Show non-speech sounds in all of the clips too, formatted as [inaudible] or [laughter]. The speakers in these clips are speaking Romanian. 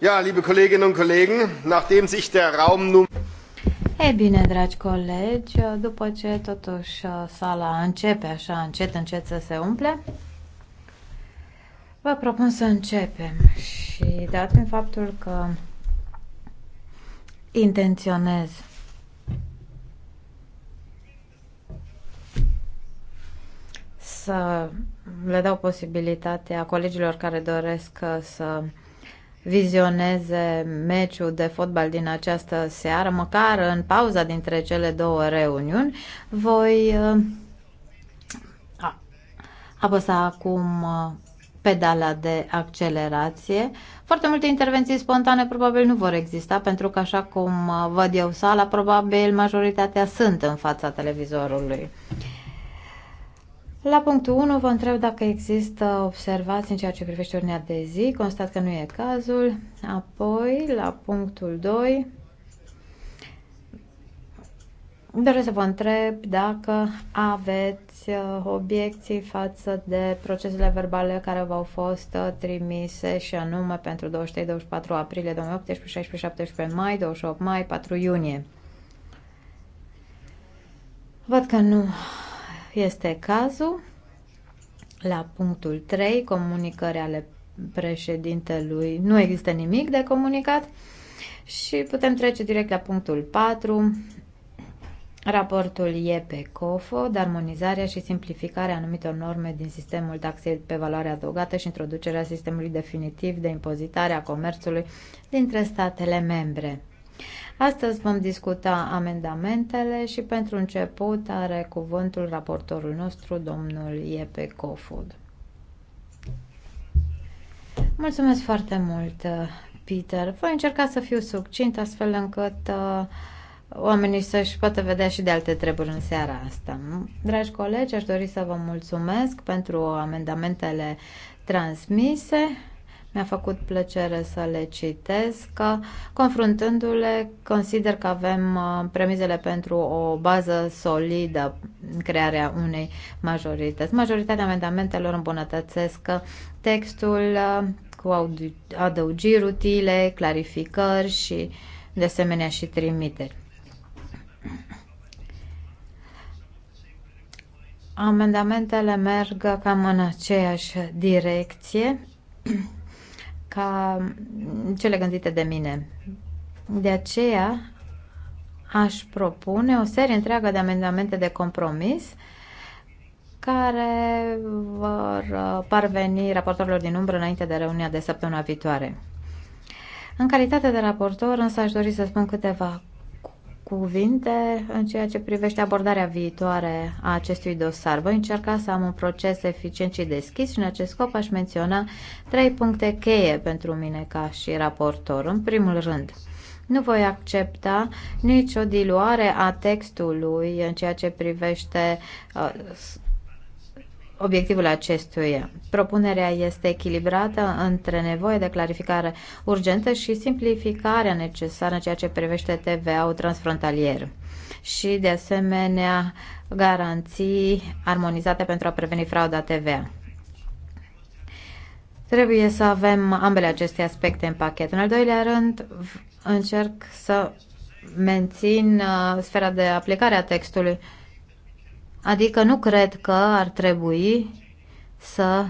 liebe Kolleginnen und Kollegen, nachdem sich der Raum nun Ei bine, dragi colegi, după ce totuși uh, sala începe așa încet, încet să se umple, vă propun să începem și dat în faptul că intenționez să le dau posibilitatea colegilor care doresc uh, să vizioneze meciul de fotbal din această seară, măcar în pauza dintre cele două reuniuni, voi uh, apăsa acum uh, pedala de accelerație. Foarte multe intervenții spontane probabil nu vor exista, pentru că așa cum uh, văd eu sala, probabil majoritatea sunt în fața televizorului. La punctul 1 vă întreb dacă există observații în ceea ce privește ordinea de zi. Constat că nu e cazul. Apoi, la punctul 2, doresc să vă întreb dacă aveți uh, obiecții față de procesele verbale care v-au fost uh, trimise și anume pentru 23-24 aprilie 2018, 16-17 mai, 28 mai, 4 iunie. Văd că nu este cazul la punctul 3, comunicări ale președintelui. Nu există nimic de comunicat și putem trece direct la punctul 4. Raportul e pe COFO, de armonizarea și simplificarea anumitor norme din sistemul taxei pe valoare adăugată și introducerea sistemului definitiv de impozitare a comerțului dintre statele membre. Astăzi vom discuta amendamentele și pentru început are cuvântul raportorul nostru, domnul Iepe Cofod. Mulțumesc foarte mult, Peter. Voi încerca să fiu succint astfel încât uh, oamenii să-și poată vedea și de alte treburi în seara asta. Dragi colegi, aș dori să vă mulțumesc pentru amendamentele transmise mi-a făcut plăcere să le citesc. Confruntându-le, consider că avem uh, premizele pentru o bază solidă în crearea unei majorități. Majoritatea amendamentelor îmbunătățesc uh, textul uh, cu adăugiri utile, clarificări și, de asemenea, și trimiteri. Amendamentele merg cam în aceeași direcție ca cele gândite de mine. De aceea aș propune o serie întreagă de amendamente de compromis care vor uh, parveni raportorilor din umbră înainte de reuniunea de săptămâna viitoare. În calitate de raportor, însă aș dori să spun câteva cuvinte în ceea ce privește abordarea viitoare a acestui dosar. Voi încerca să am un proces eficient și deschis și în acest scop aș menționa trei puncte cheie pentru mine ca și raportor. În primul rând, nu voi accepta nicio diluare a textului în ceea ce privește uh, obiectivul acestuia. Propunerea este echilibrată între nevoie de clarificare urgentă și simplificarea necesară în ceea ce privește TVA-ul transfrontalier și, de asemenea, garanții armonizate pentru a preveni frauda TVA. Trebuie să avem ambele aceste aspecte în pachet. În al doilea rând, încerc să mențin uh, sfera de aplicare a textului Adică nu cred că ar trebui să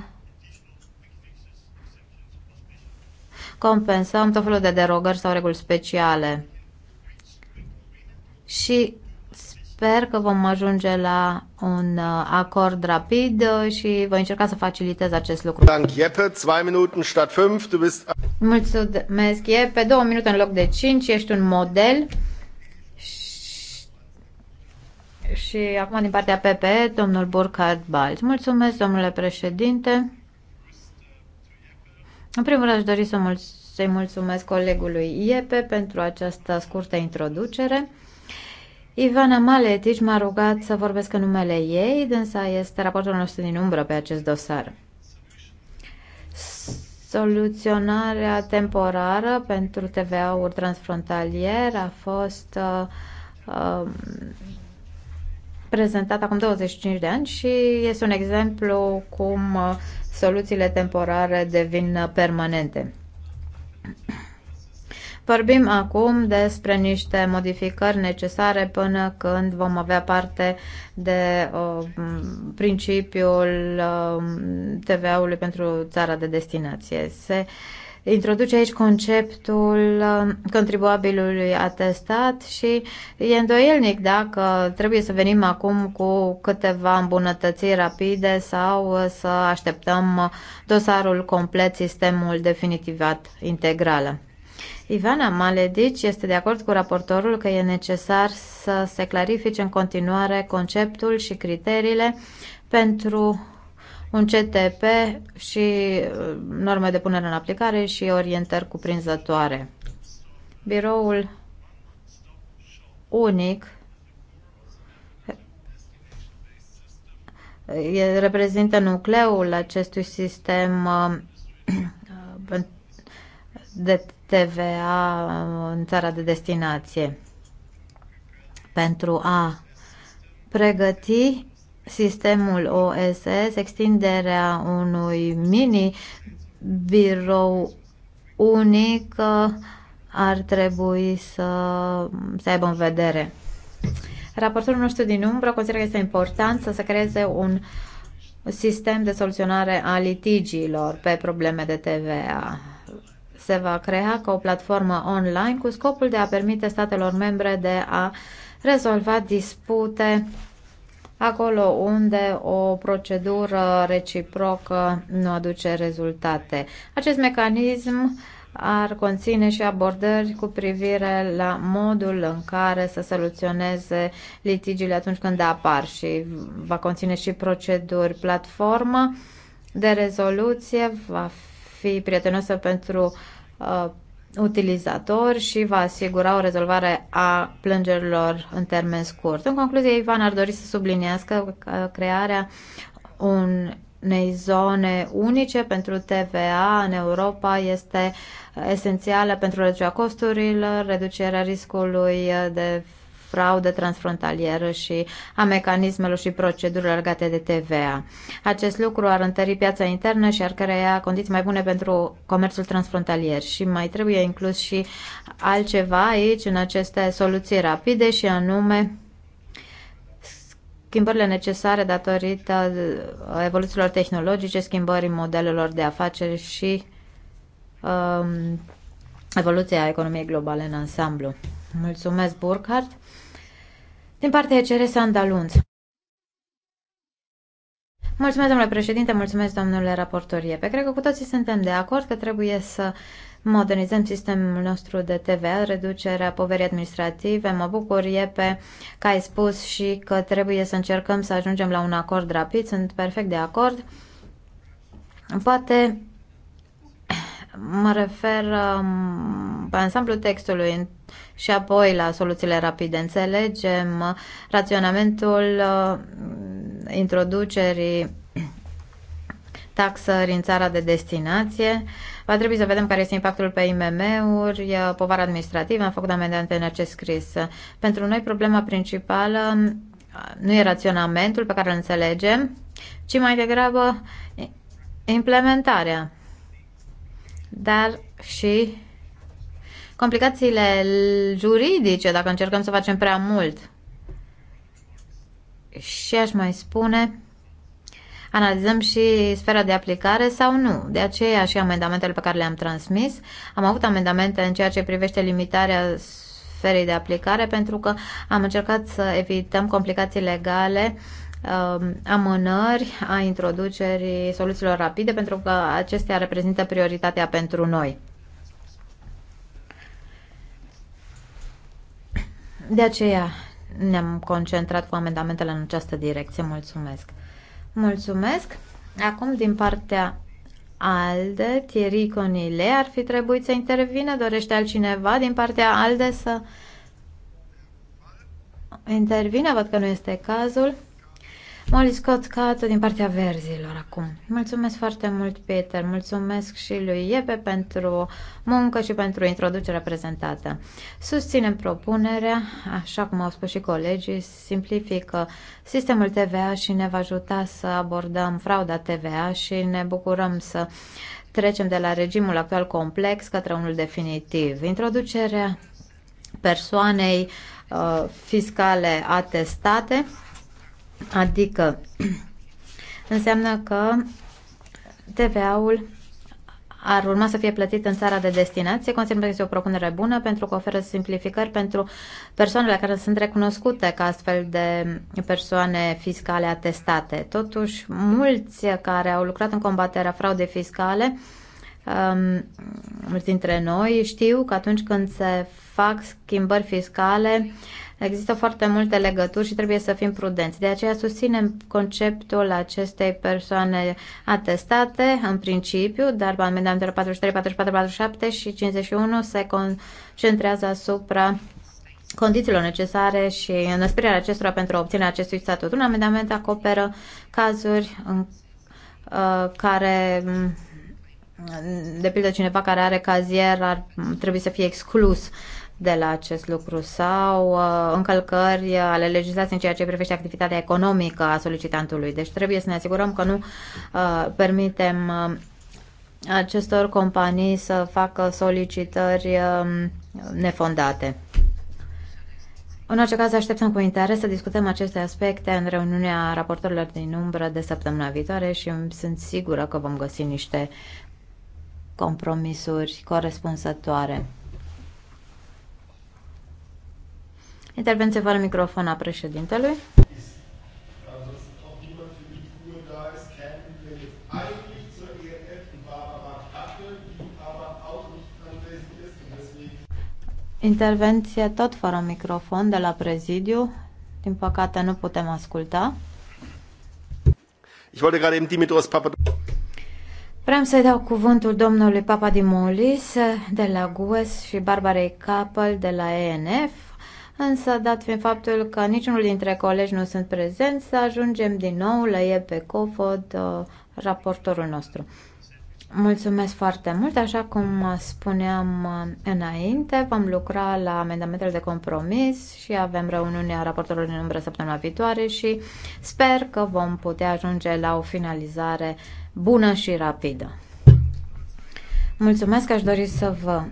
compensăm tot felul de derogări sau reguli speciale. Și sper că vom ajunge la un uh, acord rapid uh, și voi încerca să facilitez acest lucru. Mulțumesc, pe două minute în loc de cinci, ești un model. Și acum din partea PP, domnul Burkhard Balz. Mulțumesc, domnule președinte. În primul rând aș dori să mul- să-i mulțumesc colegului Iepe pentru această scurtă introducere. Ivana Maletici m-a rugat să vorbesc în numele ei, dânsa este raportul nostru din umbră pe acest dosar. Soluționarea temporară pentru TVA-uri transfrontalier a fost uh, uh, prezentat acum 25 de ani și este un exemplu cum uh, soluțiile temporare devin uh, permanente. Vorbim acum despre niște modificări necesare până când vom avea parte de uh, principiul uh, TVA-ului pentru țara de destinație. Se uh, introduce aici conceptul um, contribuabilului atestat și e îndoielnic dacă trebuie să venim acum cu câteva îmbunătățiri rapide sau uh, să așteptăm uh, dosarul complet, sistemul definitivat integral. Ivana Maledici este de acord cu raportorul că e necesar să se clarifice în continuare conceptul și criteriile pentru un CTP și uh, norme de punere în aplicare și orientări cuprinzătoare. Biroul unic reprezintă nucleul acestui sistem uh, [clears throat] de TVA uh, în țara de destinație pentru a pregăti sistemul OSS, extinderea unui mini birou unic uh, ar trebui să se aibă în vedere. Raportorul nostru din umbră consideră că este important să se creeze un sistem de soluționare a litigiilor pe probleme de TVA. Se va crea ca o platformă online cu scopul de a permite statelor membre de a rezolva dispute acolo unde o procedură reciprocă nu aduce rezultate. Acest mecanism ar conține și abordări cu privire la modul în care să soluționeze litigiile atunci când apar și va conține și proceduri. Platforma de rezoluție va fi prietenoasă pentru uh, utilizator și va asigura o rezolvare a plângerilor în termen scurt. În concluzie, Ivan ar dori să subliniască că crearea unei zone unice pentru TVA în Europa este esențială pentru reducerea costurilor, reducerea riscului de fraudă transfrontalieră și a mecanismelor și procedurilor legate de TVA. Acest lucru ar întări piața internă și ar crea condiții mai bune pentru comerțul transfrontalier și mai trebuie inclus și altceva aici în aceste soluții rapide și anume schimbările necesare datorită evoluțiilor tehnologice, schimbării modelelor de afaceri și um, evoluția economiei globale în ansamblu. Mulțumesc, Burkhardt. Din partea ECR, Sanda Lunț. Mulțumesc, domnule președinte, mulțumesc, domnule raportorie. Pe Cred că cu toții suntem de acord că trebuie să modernizăm sistemul nostru de TVA, reducerea poverii administrative. Mă bucur, Iepe, că ai spus și că trebuie să încercăm să ajungem la un acord rapid. Sunt perfect de acord. Poate Mă refer um, pe ansamblu textului și apoi la soluțiile rapide. Înțelegem uh, raționamentul uh, introducerii taxări în țara de destinație. Va trebui să vedem care este impactul pe IMM-uri, povara administrativă, am făcut amendante în acest scris. Pentru noi problema principală um, nu e raționamentul pe care îl înțelegem, ci mai degrabă implementarea dar și complicațiile juridice dacă încercăm să facem prea mult. Și aș mai spune, analizăm și sfera de aplicare sau nu. De aceea și amendamentele pe care le-am transmis. Am avut amendamente în ceea ce privește limitarea sferei de aplicare pentru că am încercat să evităm complicații legale amânări a introducerii soluțiilor rapide pentru că acestea reprezintă prioritatea pentru noi. De aceea ne-am concentrat cu amendamentele în această direcție. Mulțumesc! Mulțumesc! Acum, din partea ALDE, Thierry Conile ar fi trebuit să intervină. Dorește altcineva din partea ALDE să intervină? Văd că nu este cazul. Molly Scott Cato din partea verzilor acum. Mulțumesc foarte mult, Peter. Mulțumesc și lui Iepe pentru muncă și pentru introducerea prezentată. Susținem propunerea, așa cum au spus și colegii, simplifică sistemul TVA și ne va ajuta să abordăm frauda TVA și ne bucurăm să trecem de la regimul actual complex către unul definitiv. Introducerea persoanei uh, fiscale atestate Adică înseamnă că TVA-ul ar urma să fie plătit în țara de destinație, considerăm că este o propunere bună pentru că oferă simplificări pentru persoanele care sunt recunoscute ca astfel de persoane fiscale atestate. Totuși, mulți care au lucrat în combaterea fraudei fiscale, um, mulți dintre noi știu că atunci când se fac schimbări fiscale, Există foarte multe legături și trebuie să fim prudenți. De aceea susținem conceptul acestei persoane atestate în principiu, dar amendamentele 43, 44, 47 și 51 se concentrează asupra condițiilor necesare și înăspirea acestora pentru obținerea acestui statut. Un amendament acoperă cazuri în uh, care mm, de pildă cineva care are cazier ar trebui să fie exclus uh, de la acest lucru sau uh, încălcări ale legislației în ceea ce privește activitatea economică a solicitantului. Deci trebuie să ne asigurăm că nu uh, permitem uh, acestor companii să facă solicitări uh, nefondate. În orice caz, așteptăm cu interes să discutăm aceste aspecte în reuniunea raportorilor din umbră de săptămâna viitoare și sunt sigură că vom găsi niște compromisuri corespunzătoare. Intervenție fără microfon a președintelui. Intervenție tot fără microfon de la prezidiu. Din păcate nu putem asculta. Ich wollte gerade eben Dimitros Papa Vreau să-i dau cuvântul domnului papa Papadimoulis de la GUES și Barbarei Capel de la ENF Însă, dat fiind faptul că niciunul dintre colegi nu sunt prezenți, să ajungem din nou la e pe COFOD, uh, raportorul nostru. Mulțumesc foarte mult. Așa cum uh, spuneam uh, înainte, vom lucra la amendamentele de compromis și avem reuniunea raportorului în umbră săptămâna viitoare și sper că vom putea ajunge la o finalizare bună și rapidă. Mulțumesc, aș dori să vă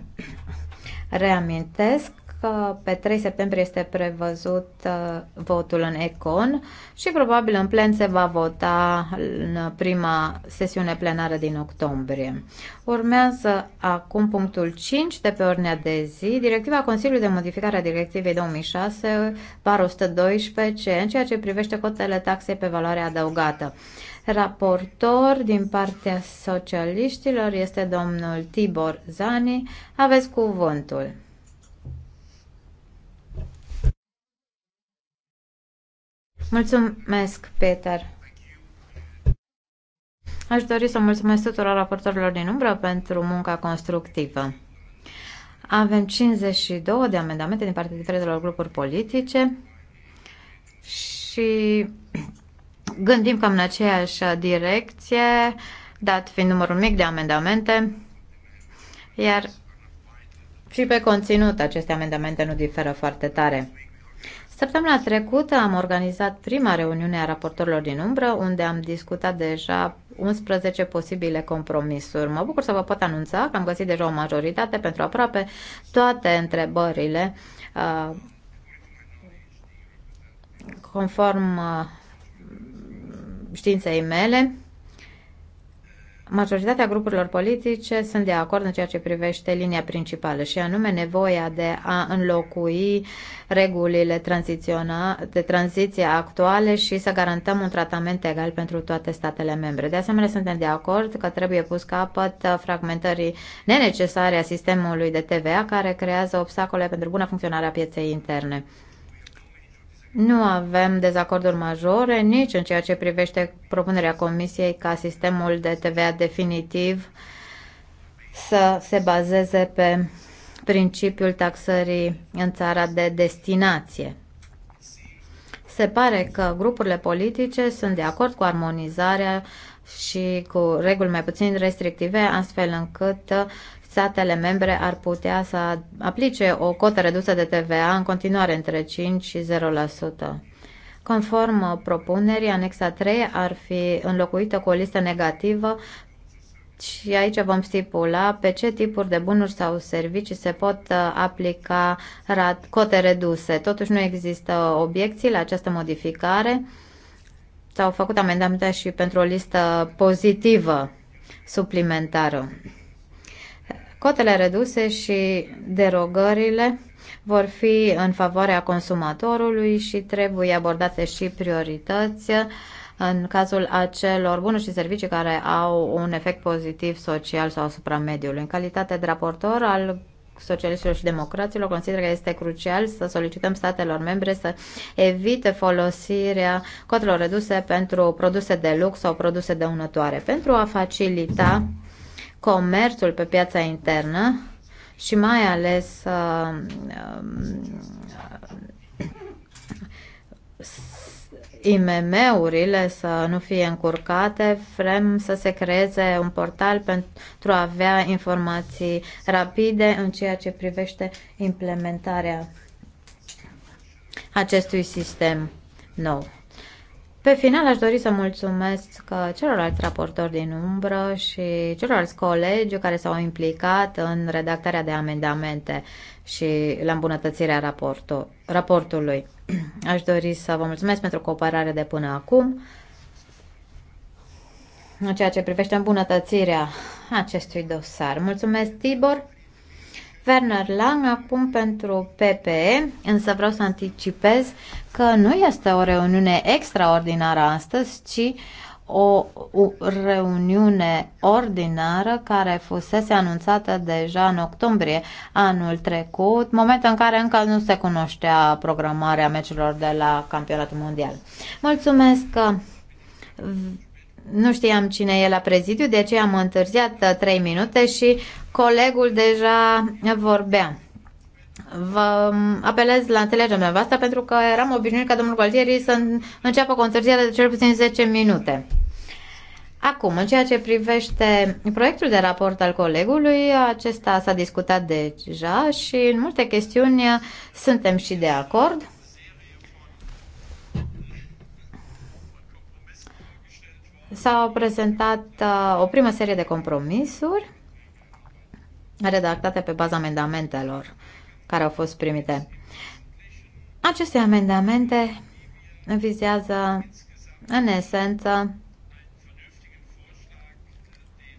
reamintesc că pe 3 septembrie este prevăzut uh, votul în Econ și probabil în plen se va vota în prima sesiune plenară din octombrie. Urmează acum punctul 5 de pe ordinea de zi, Directiva Consiliului de modificare a Directivei 2006 par 112 C, în ceea ce privește cotele taxei pe valoare adăugată. Raportor din partea socialiștilor este domnul Tibor Zani. Aveți cuvântul. Mulțumesc, Peter. Aș dori să mulțumesc tuturor raportorilor din umbră pentru munca constructivă. Avem 52 de amendamente din partea diferitelor grupuri politice și gândim cam în aceeași direcție, dat fiind numărul mic de amendamente, iar și pe conținut aceste amendamente nu diferă foarte tare. Săptămâna trecută am organizat prima reuniune a raportorilor din umbră, unde am discutat deja 11 posibile compromisuri. Mă bucur să vă pot anunța că am găsit deja o majoritate pentru aproape toate întrebările uh, conform uh, științei mele majoritatea grupurilor politice sunt de acord în ceea ce privește linia principală și anume nevoia de a înlocui regulile de tranziție actuale și să garantăm un tratament egal pentru toate statele membre. De asemenea, suntem de acord că trebuie pus capăt fragmentării nenecesare a sistemului de TVA care creează obstacole pentru buna funcționare a pieței interne. Nu avem dezacorduri majore nici în ceea ce privește propunerea Comisiei ca sistemul de TVA definitiv să se bazeze pe principiul taxării în țara de destinație. Se pare că grupurile politice sunt de acord cu armonizarea și cu reguli mai puțin restrictive, astfel încât statele membre ar putea să aplice o cotă redusă de TVA în continuare între 5 și 0%. Conform propunerii, anexa 3 ar fi înlocuită cu o listă negativă și aici vom stipula pe ce tipuri de bunuri sau servicii se pot uh, aplica cote reduse. Totuși nu există obiecții la această modificare. S-au făcut amendamente și pentru o listă pozitivă suplimentară. Cotele reduse și derogările vor fi în favoarea consumatorului și trebuie abordate și priorități în cazul acelor bunuri și servicii care au un efect pozitiv social sau asupra mediului. În calitate de raportor al socialiștilor și democraților, consider că este crucial să solicităm statelor membre să evite folosirea cotelor reduse pentru produse de lux sau produse dăunătoare, pentru a facilita comerțul pe piața internă și mai ales uh, um, IMM-urile să nu fie încurcate, vrem să se creeze un portal pentru a avea informații rapide în ceea ce privește implementarea acestui sistem nou. Pe final aș dori să mulțumesc uh, celorlalți raportori din umbră și celorlalți colegi care s-au implicat în redactarea de amendamente și la îmbunătățirea raportul, raportului. [clears throat] Aș dori să vă mulțumesc pentru cooperare de până acum în ceea ce privește îmbunătățirea acestui dosar. Mulțumesc, Tibor! Werner Lang acum pentru PPE, însă vreau să anticipez că nu este o reuniune extraordinară astăzi, ci o, o reuniune ordinară care fusese anunțată deja în octombrie anul trecut, moment în care încă nu se cunoștea programarea meciurilor de la campionatul mondial. Mulțumesc că nu știam cine e la prezidiu, de aceea am întârziat 3 minute și colegul deja vorbea vă mm, apelez la înțelegerea mea asta pentru că eram obișnuit ca domnul Gualtieri să înceapă concertia de cel puțin 10 minute. Acum, în ceea ce privește proiectul de raport al colegului, acesta s-a discutat deja și în multe chestiuni suntem și de acord. S-au prezentat uh, o primă serie de compromisuri redactate pe baza amendamentelor care au fost primite. Aceste amendamente vizează, în esență,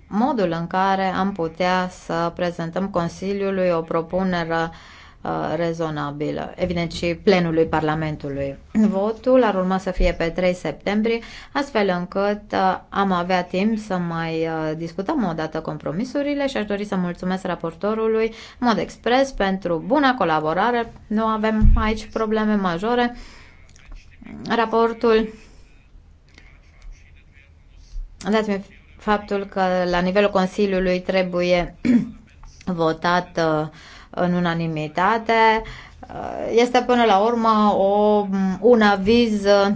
modul în care am putea să prezentăm Consiliului o propunere Uh, rezonabilă, evident și plenului Parlamentului. Votul ar urma să fie pe 3 septembrie, astfel încât uh, am avea timp să mai uh, discutăm o dată compromisurile și aș dori să mulțumesc raportorului în mod expres pentru buna colaborare. Nu avem aici probleme majore. Raportul dați-mi faptul că la nivelul Consiliului trebuie [clears throat] votat uh, în unanimitate, uh, este până la urmă o, un aviz uh,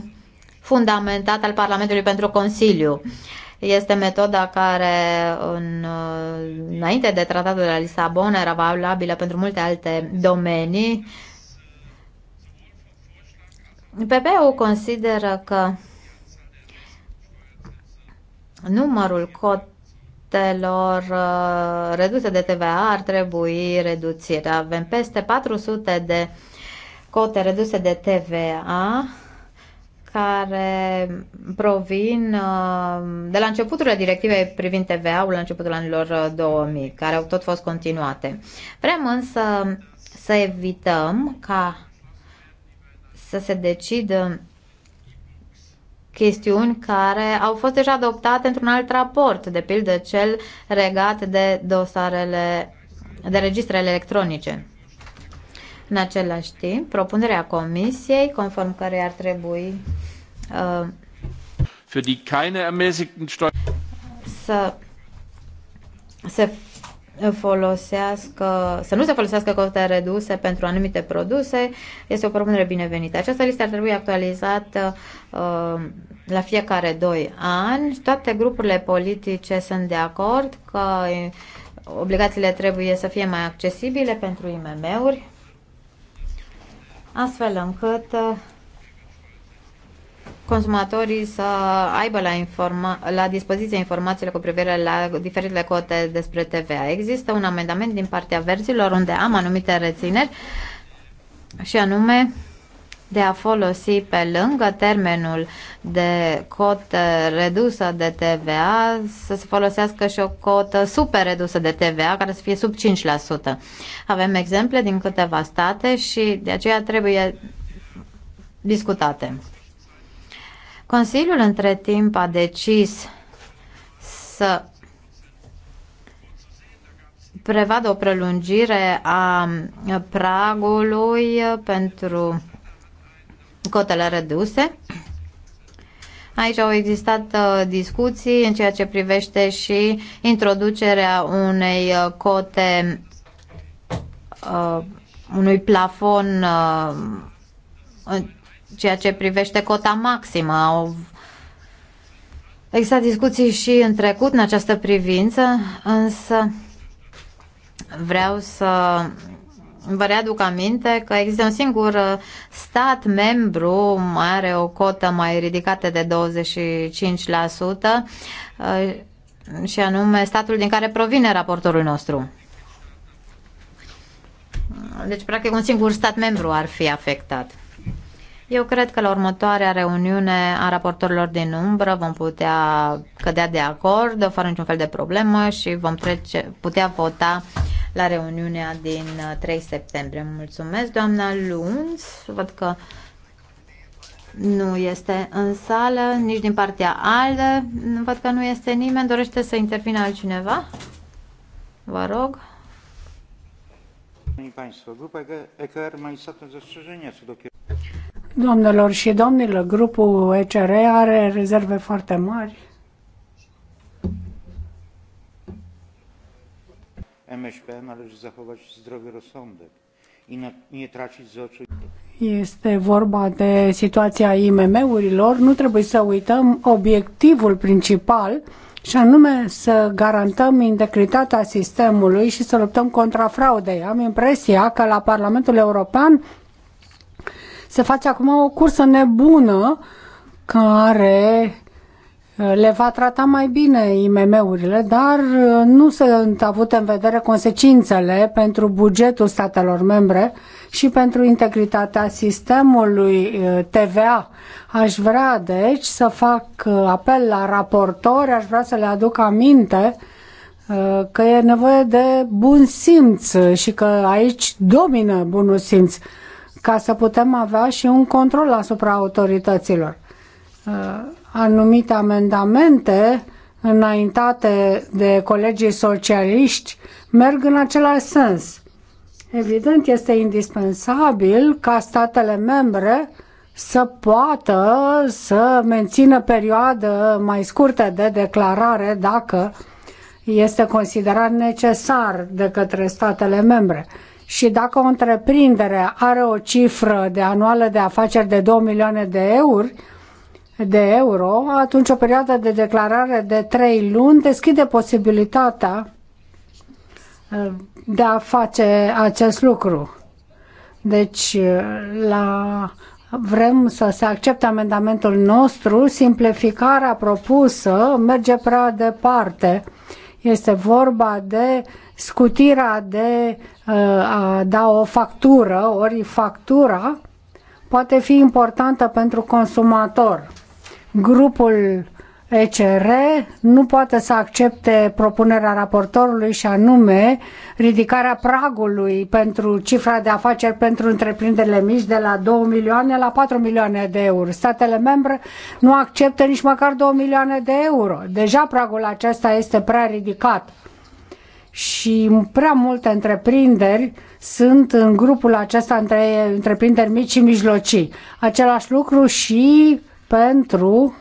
fundamentat al Parlamentului pentru Consiliu. Este metoda care în, uh, înainte de tratatul de la Lisabona era valabilă pentru multe alte domenii. PPU consideră că numărul cot impozitelor uh, reduse de TVA ar trebui reduțire. Avem peste 400 de cote reduse de TVA care provin uh, de la începuturile directivei privind TVA-ul la începutul anilor 2000, uh, care au tot fost continuate. Vrem însă să evităm ca să se decidă chestiuni care au fost deja adoptate într-un alt raport, de pildă cel regat de dosarele de registrele electronice. În același timp, propunerea comisiei, conform care ar trebui uh, für die keine ermäßigten să se folosească, să nu se folosească cote reduse pentru anumite produse, este o propunere binevenită. Această listă ar trebui actualizată uh, la fiecare 2 ani. Toate grupurile politice sunt de acord că obligațiile trebuie să fie mai accesibile pentru IMM-uri, astfel încât uh, consumatorii să aibă la, informa- la dispoziție informațiile cu privire la diferitele cote despre TVA. Există un amendament din partea verzilor unde am anumite rețineri și anume de a folosi pe lângă termenul de cotă redusă de TVA să se folosească și o cotă super redusă de TVA care să fie sub 5%. Avem exemple din câteva state și de aceea trebuie discutate. Consiliul între timp a decis să prevadă o prelungire a pragului pentru cotele reduse. Aici au existat uh, discuții în ceea ce privește și introducerea unei uh, cote, uh, unui plafon ceea ce privește cota maximă. Au existat discuții și în trecut în această privință, însă vreau să vă readuc aminte că există un singur stat membru are o cotă mai ridicată de 25% și anume statul din care provine raportorul nostru. Deci, practic, un singur stat membru ar fi afectat. Eu cred că la următoarea reuniune a raportorilor din umbră vom putea cădea de acord, fără niciun fel de problemă și vom trece, putea vota la reuniunea din 3 uh, septembrie. Mulțumesc, doamna Lunz. Văd că nu este în sală, nici din partea ALDE. Văd că nu este nimeni. Dorește să intervină altcineva? Vă rog. Doamnelor și domnilor, grupul ECR are rezerve foarte mari. MŚP należy zachować zdrowy rozsądek i nie tracić z oczu. Este vorba de situația IMM-urilor. Nu trebuie să uităm obiectivul principal și anume să garantăm integritatea sistemului și să luptăm contra fraudei. Am impresia că la Parlamentul European se face acum o cursă nebună care uh, le va trata mai bine IMM-urile, dar uh, nu sunt avute în vedere consecințele pentru bugetul statelor membre și pentru integritatea sistemului uh, TVA. Aș vrea, deci, să fac apel la raportori, aș vrea să le aduc aminte că e nevoie de bun simț și că aici domină bunul simț ca să putem avea și un control asupra autorităților. Uh, anumite amendamente înaintate de colegii socialiști merg în același sens. Evident, este indispensabil ca statele membre să poată să mențină perioadă mai scurtă de declarare dacă este considerat necesar de către statele membre și dacă o întreprindere are o cifră de anuală de afaceri de 2 milioane de euro, de euro, atunci o perioadă de declarare de 3 luni deschide posibilitatea uh, de a face acest lucru. Deci, uh, la, vrem să se accepte amendamentul nostru, simplificarea propusă merge prea departe este vorba de scutirea de uh, a da o factură, ori factura poate fi importantă pentru consumator. Grupul ECR nu poate să accepte propunerea raportorului și anume ridicarea pragului pentru cifra de afaceri pentru întreprinderile mici de la 2 milioane la 4 milioane de euro. Statele membre nu acceptă nici măcar 2 milioane de euro. Deja pragul acesta este prea ridicat și prea multe întreprinderi sunt în grupul acesta între întreprinderi mici și mijlocii. Același lucru și pentru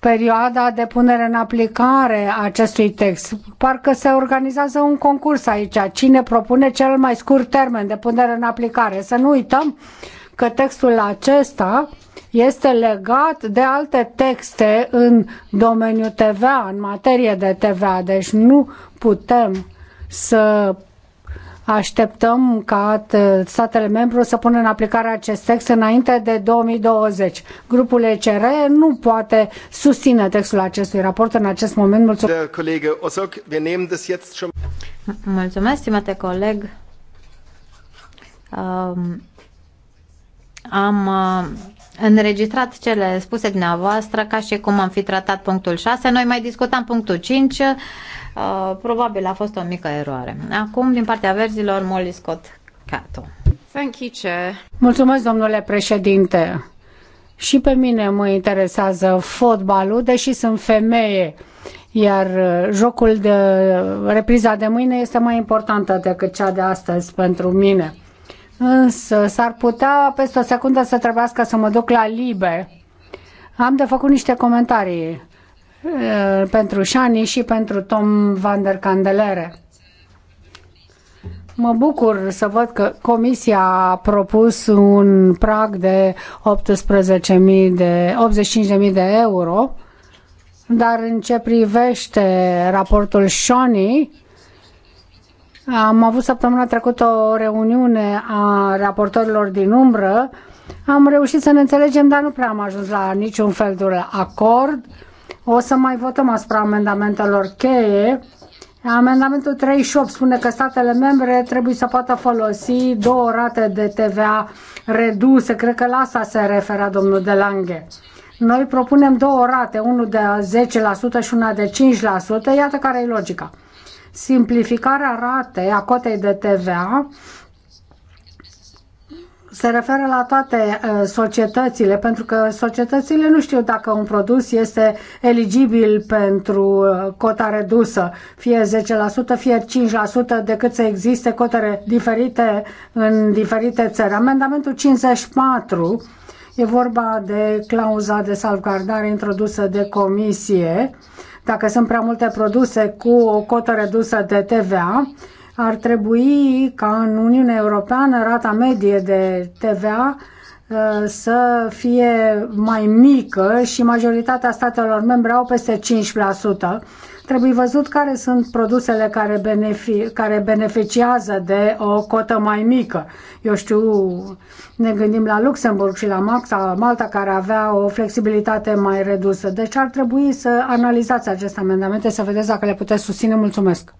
perioada de punere în aplicare a acestui text. Parcă se organizează un concurs aici. Cine propune cel mai scurt termen de punere în aplicare? Să nu uităm că textul acesta este legat de alte texte în domeniul TVA, în materie de TVA, deci nu putem să Așteptăm ca uh, statele membru să pună în aplicare acest text înainte de 2020. Grupul ECR nu poate susține textul acestui raport în acest moment. Mulțumesc, Mulțumesc stimate coleg. Um, am uh, înregistrat cele spuse dumneavoastră ca și cum am fi tratat punctul 6. Noi mai discutam punctul 5. Uh, probabil a fost o mică eroare. Acum, din partea verzilor, Molly Scott Cato. Thank you, Chair. Mulțumesc, domnule președinte. Și pe mine mă interesează fotbalul, deși sunt femeie, iar uh, jocul de repriza de mâine este mai importantă decât cea de astăzi pentru mine. Însă s-ar putea peste o secundă să trebuiască să mă duc la libe. Am de făcut niște comentarii pentru Shani și pentru Tom van der Candelere. Mă bucur să văd că Comisia a propus un prag de 18.000 de 85.000 de euro, dar în ce privește raportul Shani. Am avut săptămâna trecută o reuniune a raportorilor din umbră. Am reușit să ne înțelegem, dar nu prea am ajuns la niciun fel de acord. O să mai votăm asupra amendamentelor cheie. Amendamentul 38 spune că statele membre trebuie să poată folosi două rate de TVA reduse. Cred că la asta se referea domnul De Lange. Noi propunem două rate, unul de 10% și una de 5%. Iată care e logica simplificarea ratei a cotei de TVA se referă la toate uh, societățile, pentru că societățile nu știu dacă un produs este eligibil pentru uh, cota redusă, fie 10%, fie 5%, decât să existe cotere diferite în diferite țări. Amendamentul 54 e vorba de clauza de salvgardare introdusă de comisie dacă sunt prea multe produse cu o cotă redusă de TVA, ar trebui ca în Uniunea Europeană rata medie de TVA Uh, să fie mai mică și majoritatea statelor membre au peste 5%. Trebuie văzut care sunt produsele care, benefic- care beneficiază de o cotă mai mică. Eu știu, ne gândim la Luxemburg și la Malta, Malta care avea o flexibilitate mai redusă. Deci ar trebui să analizați aceste amendamente, să vedeți dacă le puteți susține. Mulțumesc!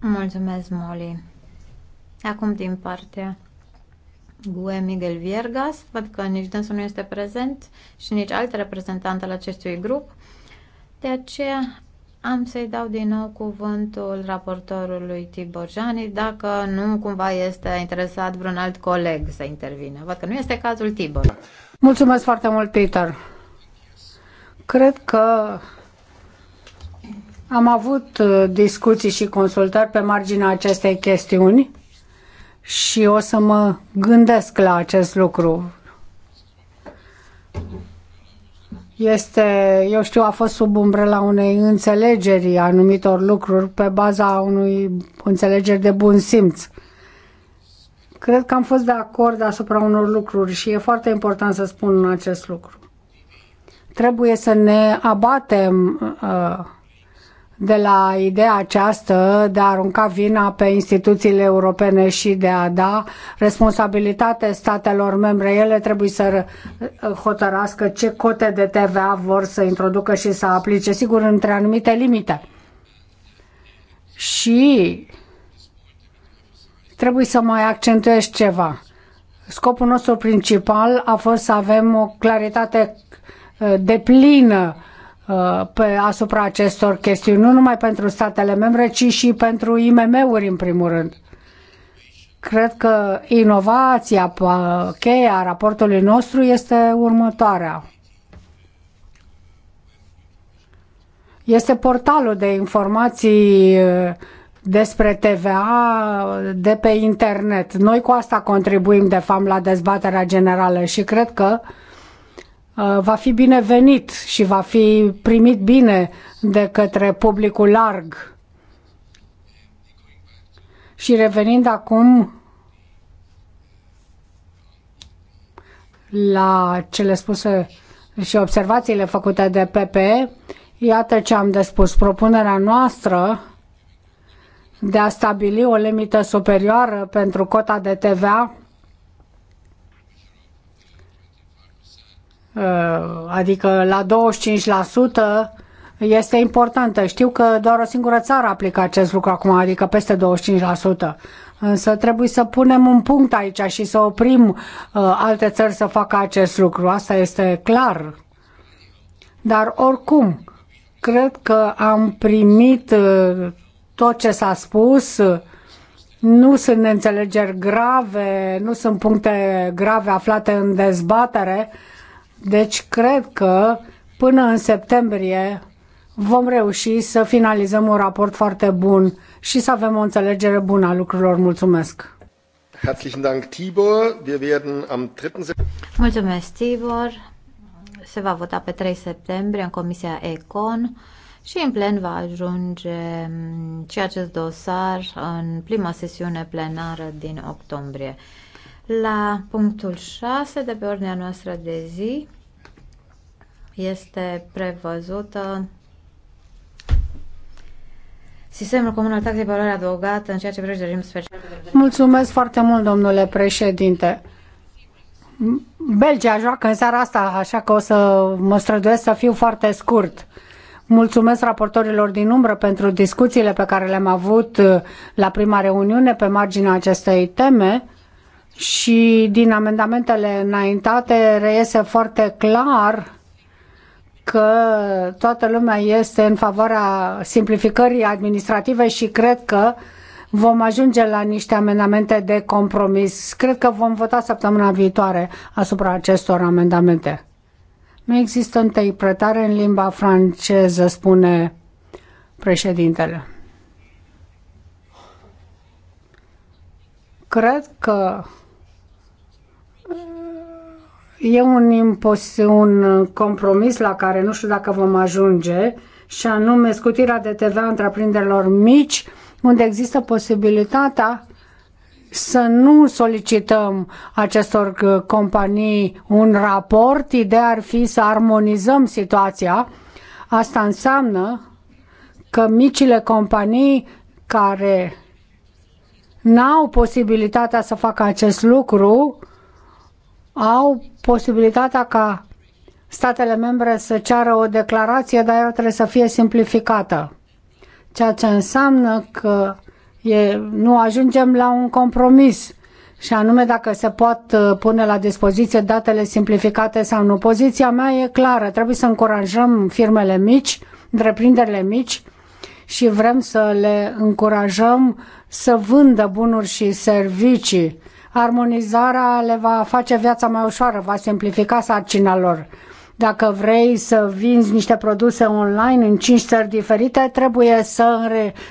Mulțumesc, Molly! Acum din partea GUE Miguel Viergas, văd că nici dânsul nu este prezent și nici alt reprezentant al acestui grup. De aceea am să-i dau din nou cuvântul raportorului Tibor Jani, dacă nu cumva este interesat vreun alt coleg să intervină. Văd că nu este cazul Tibor. Mulțumesc foarte mult, Peter. Cred că am avut uh, discuții și consultări pe marginea acestei chestiuni și o să mă gândesc la acest lucru. Este, eu știu, a fost sub umbrela unei înțelegeri a anumitor lucruri pe baza unui înțelegeri de bun simț. Cred că am fost de acord asupra unor lucruri și e foarte important să spun acest lucru. Trebuie să ne abatem uh, de la ideea aceasta de a arunca vina pe instituțiile europene și de a da responsabilitate statelor membre. Ele trebuie să hotărască ce cote de TVA vor să introducă și să aplice, sigur, între anumite limite. Și trebuie să mai accentuez ceva. Scopul nostru principal a fost să avem o claritate uh, deplină Uh, pe asupra acestor chestiuni, nu numai pentru statele membre, ci și pentru IMM-uri, în primul rând. Cred că inovația, cheia raportului nostru este următoarea. Este portalul de informații uh, despre TVA de pe internet. Noi cu asta contribuim, de fapt, la dezbaterea generală și cred că uh, Uh, va fi binevenit și va fi primit bine de către publicul larg. Și revenind acum la cele spuse și observațiile făcute de PPE, iată ce am de spus. Propunerea noastră de a stabili o limită superioară pentru cota de TVA Uh, adică la 25% este importantă. Știu că doar o singură țară aplică acest lucru acum, adică peste 25%. Însă trebuie să punem un punct aici și să oprim uh, alte țări să facă acest lucru. Asta este clar. Dar oricum, cred că am primit uh, tot ce s-a spus. Nu sunt înțelegeri grave, nu sunt puncte grave aflate în dezbatere. Uh, deci cred că până în septembrie vom reuși să finalizăm un raport foarte bun și să avem o înțelegere bună a lucrurilor. Mulțumesc! Herzlichen Dank, Tibor. Wir werden am 3. Mulțumesc, Tibor. Se va vota pe 3 septembrie în Comisia Econ și în plen va ajunge mm, și acest dosar în prima sesiune plenară din octombrie. La punctul 6 de pe ordinea noastră de zi este prevăzută Sistemul comun al taxei valoare adăugată în ceea ce privește regimul special. Mulțumesc foarte mult, domnule președinte. Belgia joacă în seara asta, așa că o să mă străduiesc să fiu foarte scurt. Mulțumesc raportorilor din umbră pentru discuțiile pe care le-am avut uh, la prima reuniune pe marginea acestei teme și din amendamentele înaintate reiese foarte clar că toată lumea este în favoarea simplificării administrative și cred că vom ajunge la niște amendamente de compromis. Cred că vom vota săptămâna viitoare asupra acestor amendamente. Nu există interpretare în limba franceză, spune președintele. Cred că E un, impos, un compromis la care nu știu dacă vom ajunge, și anume scutirea de TVA întreprinderilor mici, unde există posibilitatea să nu solicităm acestor uh, companii un raport. Ideea ar fi să armonizăm situația. Asta înseamnă că micile companii care n-au posibilitatea să facă acest lucru au posibilitatea ca statele membre să ceară o declarație, dar ea trebuie să fie simplificată. Ceea ce înseamnă că e, nu ajungem la un compromis și anume dacă se pot uh, pune la dispoziție datele simplificate sau nu. Poziția mea e clară, trebuie să încurajăm firmele mici, întreprinderile mici și vrem să le încurajăm să vândă bunuri și servicii Armonizarea le va face viața mai ușoară, va simplifica sarcina lor. Dacă vrei să vinzi niște produse online în cinci țări diferite, trebuie să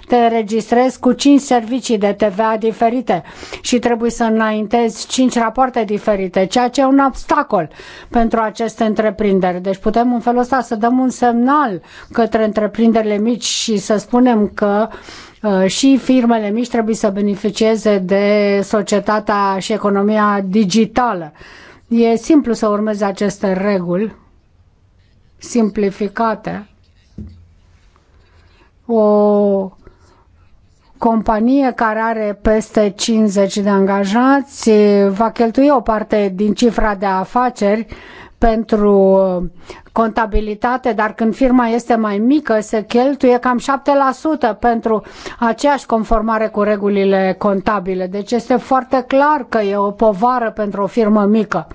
te înregistrezi cu cinci servicii de TVA diferite și trebuie să înaintezi cinci rapoarte diferite, ceea ce e un obstacol pentru aceste întreprinderi. Deci putem în felul ăsta să dăm un semnal către întreprinderile mici și să spunem că uh, și firmele mici trebuie să beneficieze de societatea și economia digitală. E simplu să urmezi aceste reguli simplificate. O companie care are peste 50 de angajați va cheltui o parte din cifra de afaceri pentru contabilitate, dar când firma este mai mică, se cheltuie cam 7% pentru aceeași conformare cu regulile contabile. Deci este foarte clar că e o povară pentru o firmă mică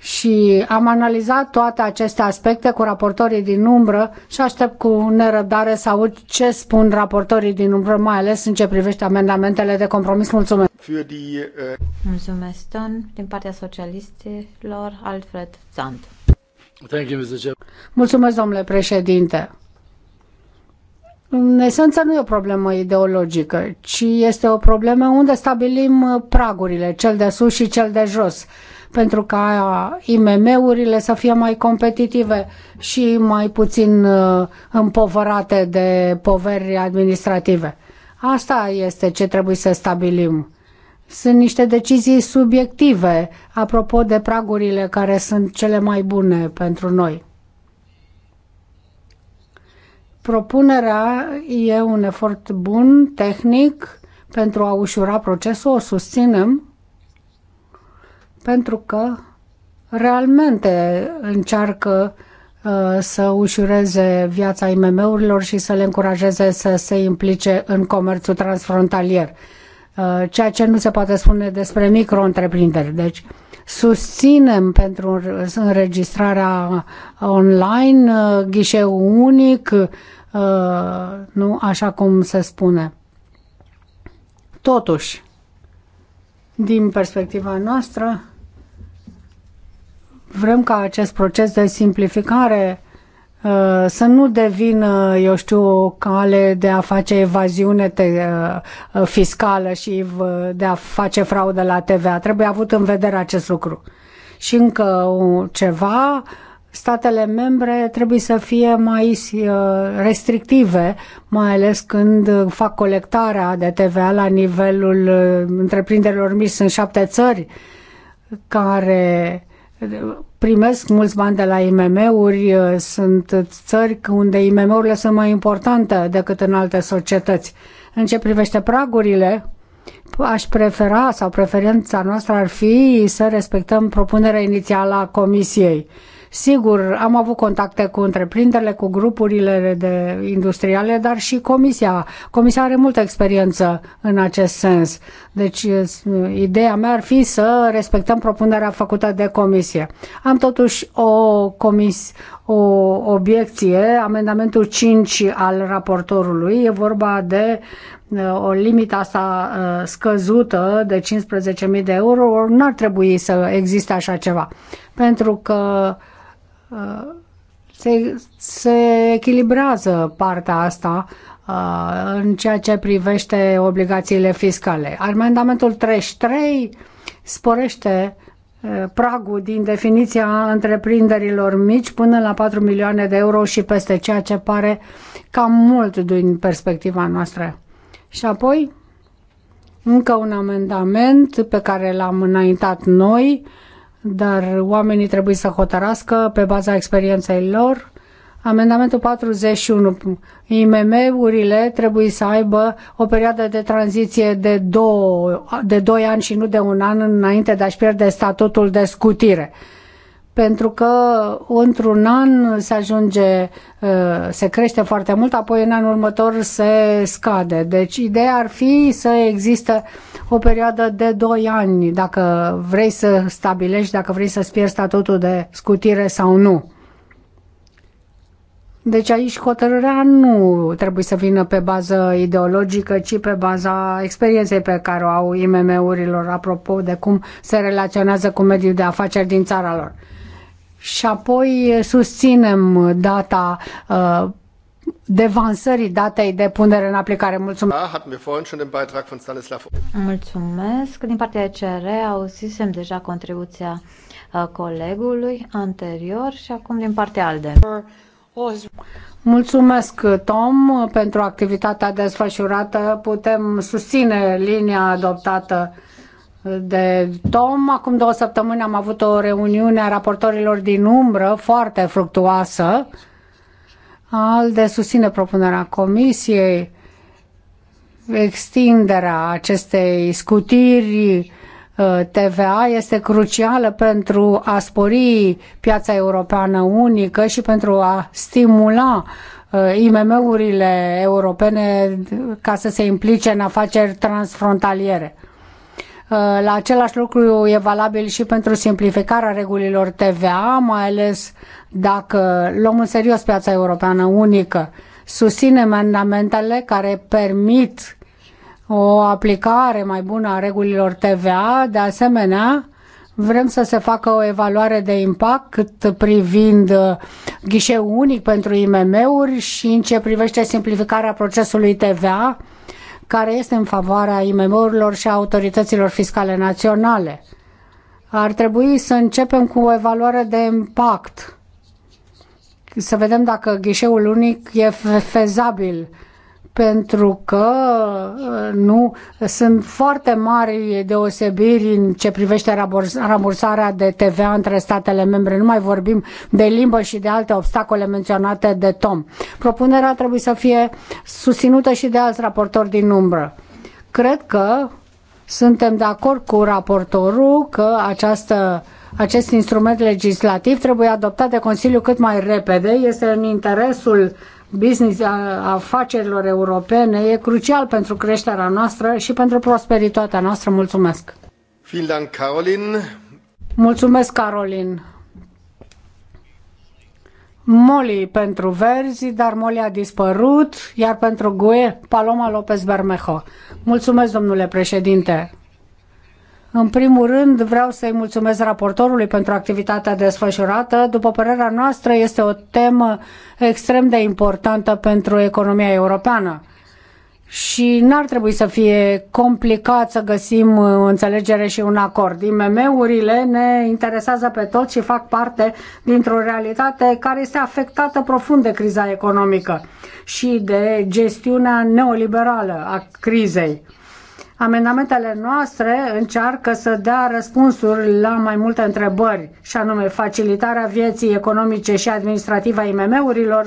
și am analizat toate aceste aspecte cu raportorii din umbră și aștept cu nerăbdare să aud ce spun raportorii din umbră, mai ales în ce privește amendamentele de compromis. Mulțumesc! Uh, Mulțumesc, Ton. Din partea socialistilor, Alfred Zand. Mulțumesc, domnule președinte. În esență nu e o problemă ideologică, ci este o problemă unde stabilim uh, pragurile, cel de sus și cel de jos pentru ca IMM-urile să fie mai competitive și mai puțin uh, împovărate de poveri administrative. Asta este ce trebuie să stabilim. Sunt niște decizii subiective apropo de pragurile care sunt cele mai bune pentru noi. Propunerea e un efort bun, tehnic, pentru a ușura procesul, o susținem pentru că realmente încearcă uh, să ușureze viața IMM-urilor și să le încurajeze să se implice în comerțul transfrontalier, uh, ceea ce nu se poate spune despre micro-întreprinderi. Deci susținem pentru înregistrarea online, uh, ghișeu unic, nu așa cum se spune. Totuși, din perspectiva noastră, Vrem ca acest proces de simplificare uh, să nu devină, eu știu, o cale de a face evaziune uh, uh, fiscală și de a face fraudă la TVA. Trebuie avut în vedere acest lucru. Și încă ceva, statele membre trebuie să fie mai restrictive, mai ales când fac colectarea de TVA la nivelul întreprinderilor mici. Sunt șapte țări care primesc mulți bani de la IMM-uri, uh, sunt țări unde IMM-urile sunt mai importante decât în alte societăți. În ce privește pragurile, aș prefera sau preferința noastră ar fi să respectăm propunerea inițială a Comisiei Sigur, am avut contacte cu întreprinderile, cu grupurile de industriale, dar și comisia. Comisia are multă experiență în acest sens. Deci, ideea mea ar fi să respectăm propunerea făcută de comisie. Am totuși o, comis, o obiecție, amendamentul 5 al raportorului. E vorba de uh, o limită asta uh, scăzută de 15.000 de euro, Nu n-ar trebui să existe așa ceva. Pentru că Uh, se, se echilibrează partea asta uh, în ceea ce privește obligațiile fiscale. Amendamentul 33 sporește uh, pragul din definiția întreprinderilor mici până la 4 milioane de euro și peste ceea ce pare cam mult din perspectiva noastră. Și apoi, încă un amendament pe care l-am înaintat noi, uh, dar oamenii trebuie să hotărască pe baza experienței lor. Amendamentul 41. IMM-urile trebuie să aibă o perioadă de tranziție de 2 de doi ani și nu de un an înainte de a-și pierde statutul de scutire pentru că într-un an se ajunge, uh, se crește foarte mult, apoi în anul următor se scade. Deci ideea ar fi să există o perioadă de 2 ani dacă vrei să stabilești, dacă vrei să-ți pierzi statutul de scutire sau nu. Deci aici hotărârea nu trebuie să vină pe bază ideologică, ci pe baza experienței pe care o au IMM-urilor, apropo de cum se relaționează cu mediul de afaceri din țara lor și apoi eh, susținem eh, data uh, devansării datei de punere în aplicare. Mulțumesc! Ah, Mulțumesc! Din partea CR auzisem deja contribuția colegului anterior și acum din partea ALDE. Mulțumesc, Tom, pentru activitatea desfășurată. Putem susține linia adoptată de Tom. Acum două săptămâni am avut o reuniune a raportorilor din umbră foarte fructuoasă. ALDE susține propunerea comisiei, extinderea acestei scutiri uh, TVA este crucială pentru a spori piața europeană unică și pentru a stimula uh, IMM-urile europene ca să se implice în afaceri transfrontaliere. Uh, la același lucru e valabil și pentru simplificarea regulilor TVA, mai ales dacă luăm în serios piața europeană unică. Susținem amendamentele care permit o aplicare mai bună a regulilor TVA. De asemenea, vrem să se facă o evaluare de impact privind uh, ghișeul unic pentru IMM-uri și în ce privește simplificarea procesului TVA care este în favoarea IMM-urilor și a autorităților fiscale naționale. Ar trebui să începem cu o evaluare de impact, să vedem dacă ghișeul unic e fezabil pentru că uh, nu sunt foarte mari deosebiri în ce privește rambursarea de TVA între statele membre. Nu mai vorbim de limbă și de alte obstacole menționate de Tom. Propunerea trebuie să fie susținută și de alți raportori din umbră. Cred că suntem de acord cu raportorul că această acest instrument legislativ trebuie adoptat de Consiliu cât mai repede. Este în interesul business afacerilor europene e crucial pentru creșterea noastră și pentru prosperitatea noastră. Mulțumesc! Vielen Carolin! Mulțumesc, Carolin! Moli pentru verzi, dar Moli a dispărut, iar pentru GUE, Paloma López Bermejo. Mulțumesc, domnule președinte! În primul rând, vreau să-i mulțumesc raportorului pentru activitatea desfășurată. După părerea noastră, este o temă extrem de importantă pentru economia europeană și n-ar trebui să fie complicat să găsim o înțelegere și un acord. IMM-urile ne interesează pe toți și fac parte dintr-o realitate care este afectată profund de criza economică și de gestiunea neoliberală a crizei Amendamentele noastre încearcă să dea răspunsuri la mai multe întrebări, și anume facilitarea vieții economice și administrative a IMM-urilor,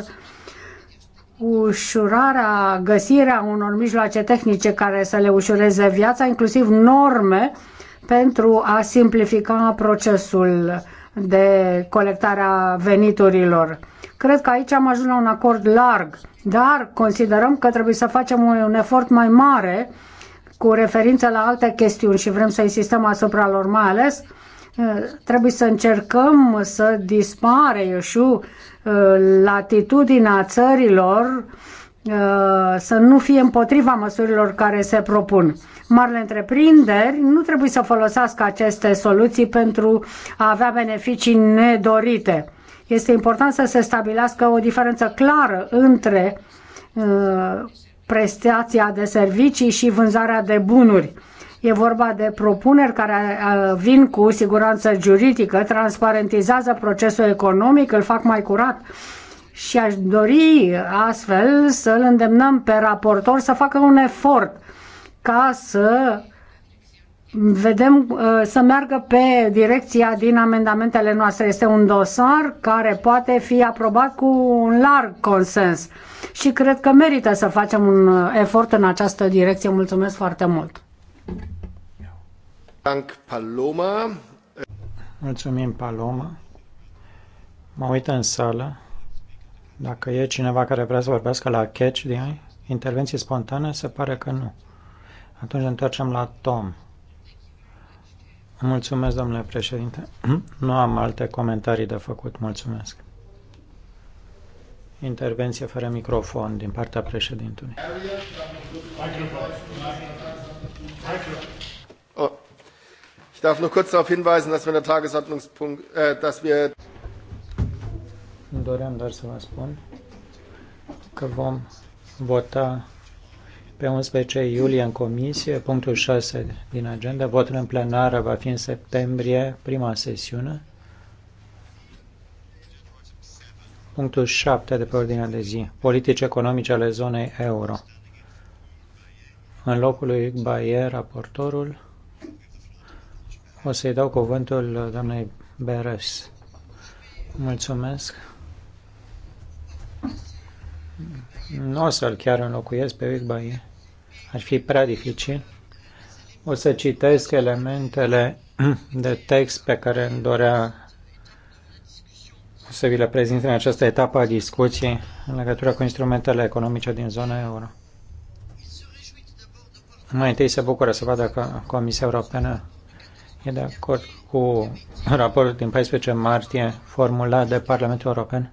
ușurarea, găsirea unor mijloace tehnice care să le ușureze viața, inclusiv norme pentru a simplifica procesul de colectarea veniturilor. Cred că aici am ajuns la un acord larg, dar considerăm că trebuie să facem un efort mai mare cu referință la alte chestiuni și vrem să insistăm asupra lor, mai ales uh, trebuie să încercăm să dispare, eu știu, uh, latitudinea țărilor uh, să nu fie împotriva măsurilor care se propun. Marile întreprinderi nu trebuie să folosească aceste soluții pentru a avea beneficii nedorite. Este important să se stabilească o diferență clară între prestația de servicii și vânzarea de bunuri. E vorba de propuneri care vin cu siguranță juridică, transparentizează procesul economic, îl fac mai curat și aș dori astfel să îl îndemnăm pe raportor să facă un efort ca să vedem uh, să meargă pe direcția din amendamentele noastre. Este un dosar care poate fi aprobat cu un larg consens și cred că merită să facem un uh, efort în această direcție. Mulțumesc foarte mult! Paloma. Mulțumim, Paloma. Mă uit în sală. Dacă e cineva care vrea să vorbească la catch din intervenții spontane, se pare că nu. Atunci întoarcem la Tom. Mulțumesc, domnule președinte. [clears throat] Nu am alte comentarii de făcut. Mulțumesc. Intervenție fără microfon din partea președintului. Oh. Ich darf nur kurz darauf hinweisen, dass wir der Tagesordnungspunkt, äh, dass wir Doream doar să vă spun că vom vota pe 11 iulie în comisie, punctul 6 din agenda, votul în plenară va fi în septembrie, prima sesiune. Punctul 7 de pe ordinea de zi, politici economice ale zonei euro. În locul lui Bayer, raportorul, o să-i dau cuvântul doamnei Beres. Mulțumesc nu o să-l chiar înlocuiesc pe Vic Baie. Ar fi prea dificil. O să citesc elementele de text pe care îmi dorea să vi le prezint în această etapă a discuției în legătură cu instrumentele economice din zona euro. Mai întâi se bucură să vadă că Comisia Europeană e de acord cu raportul din 14 martie formulat de Parlamentul European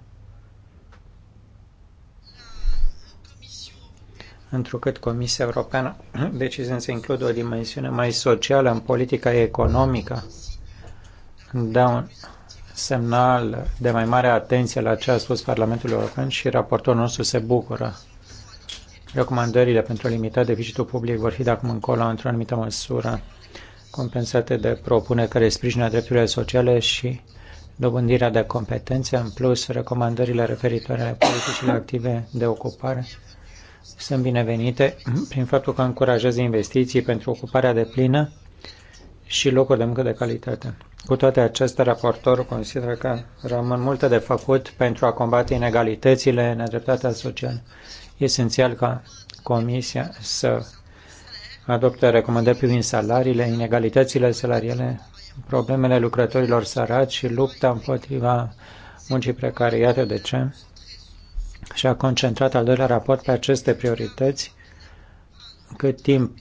întrucât Comisia Europeană [clears throat] decizând să includă o dimensiune mai socială în politica economică, da un semnal de mai mare atenție la ce a spus Parlamentul European și raportorul nostru se bucură. Recomandările pentru a limita deficitul public vor fi de acum încolo, într-o anumită măsură, compensate de propuneri care sprijină drepturile sociale și dobândirea de competențe, în plus recomandările referitoare la politicile active de ocupare sunt binevenite [clears throat] prin faptul că încurajează investiții pentru ocuparea de plină și locuri de muncă de calitate. Cu toate acestea, raportorul consideră că rămân multe de făcut pentru a combate inegalitățile, nedreptatea socială. E esențial ca Comisia să adopte recomandări privind salariile, inegalitățile salariale, problemele lucrătorilor săraci și lupta împotriva muncii precare. Iată de ce și a concentrat al doilea raport pe aceste priorități cât timp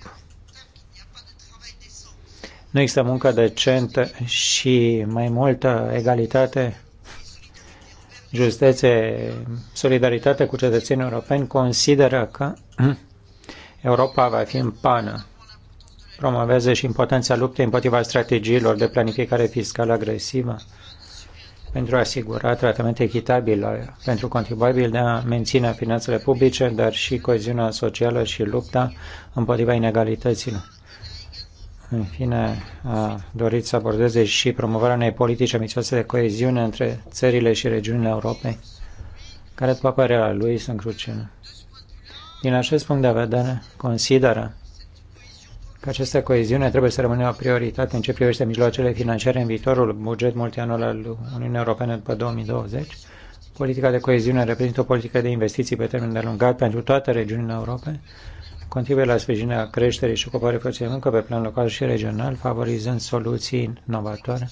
nu există muncă decentă și mai multă egalitate, justețe, solidaritate cu cetățenii europeni, consideră că [clears throat] Europa va fi în pană. Promovează și importanța luptei împotriva strategiilor de planificare fiscală agresivă pentru a asigura tratament echitabil pentru contribuabil de a menține finanțele publice, dar și coeziunea socială și lupta împotriva inegalităților. În fine, a dorit să abordeze și promovarea unei politici amicioase de coeziune între țările și regiunile Europei, care, după părerea lui, sunt cruciale. Din acest punct de vedere, consideră că această coeziune trebuie să rămână o prioritate în ce privește mijloacele financiare în viitorul buget multianual al Uniunii Europene după 2020. Politica de coeziune reprezintă o politică de investiții pe termen de lungat pentru toată regiunile Europei, contribuie la sprijinirea creșterii și ocupării forței de muncă pe plan local și regional, favorizând soluții inovatoare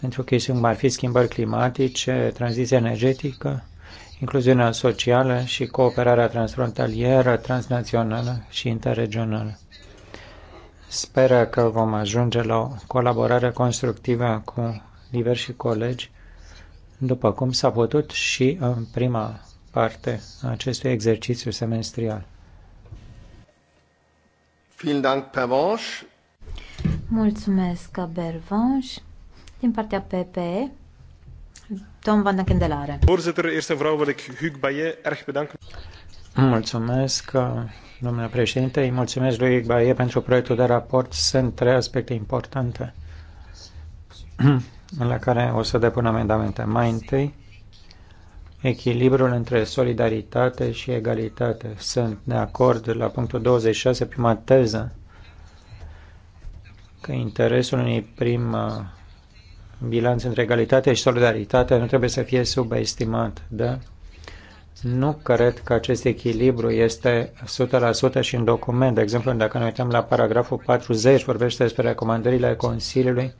pentru chestiuni cum ar fi schimbări climatice, tranziție energetică, incluziunea socială și cooperarea transfrontalieră, transnațională și interregională speră că vom ajunge la o colaborare constructivă cu diversi colegi, după cum s-a putut și în prima parte a acestui exercițiu semestrial. Mulțumesc, Bervanș. Din partea PPE, Tom van de Candelare. Voorzitter, eerst en vooral wil ik Hugues Baillet erg bedanken. Mulțumesc, domnule președinte. Îi mulțumesc lui Baie pentru proiectul de raport. Sunt trei aspecte importante [clears throat] la care o să depun amendamente. Mai întâi, echilibrul între solidaritate și egalitate. Sunt de acord la punctul 26, prima teză, că interesul unui prim uh, bilanț între egalitate și solidaritate nu trebuie să fie subestimat, da? Nu cred că acest echilibru este 100% și în document. De exemplu, dacă ne uităm la paragraful 40, vorbește despre recomandările Consiliului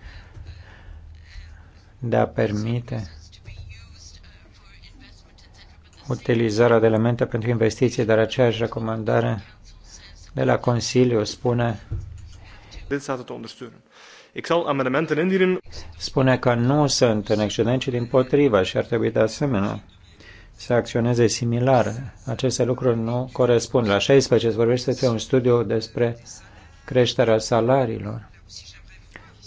de a permite utilizarea de elemente pentru investiții, dar aceeași recomandare de la Consiliu spune spune că nu sunt în excedent, ci din potrivă și ar trebui de asemenea să acționeze similar. Aceste lucruri nu corespund. La 16 se vorbește despre un studiu despre creșterea salariilor.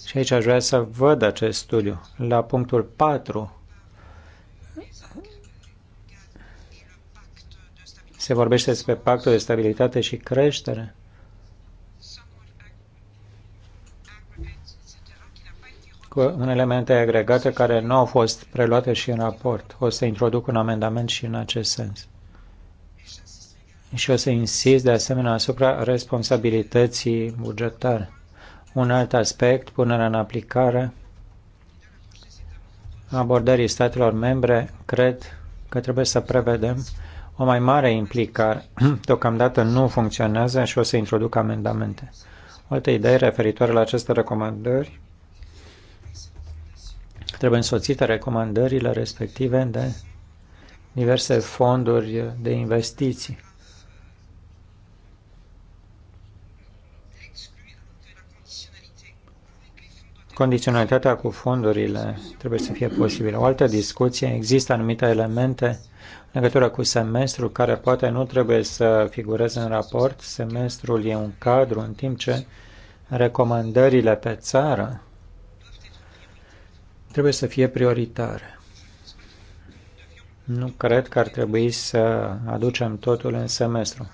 Și aici aș vrea să văd acest studiu. La punctul 4 se vorbește despre pactul de stabilitate și creștere. în elemente agregate care nu au fost preluate și în raport. O să introduc un amendament și în acest sens. Și o să insist de asemenea asupra responsabilității bugetare. Un alt aspect, punerea în aplicare abordării statelor membre, cred că trebuie să prevedem o mai mare implicare. [clears throat] Deocamdată nu funcționează și o să introduc amendamente. O altă idee referitoare la aceste recomandări Trebuie însoțite recomandările respective de diverse fonduri de investiții. Condiționalitatea cu fondurile trebuie să fie posibilă. O altă discuție, există anumite elemente în legătură cu semestrul care poate nu trebuie să figureze în raport. Semestrul e un cadru, în timp ce recomandările pe țară trebuie să fie prioritare. Nu cred că ar trebui să aducem totul în semestru.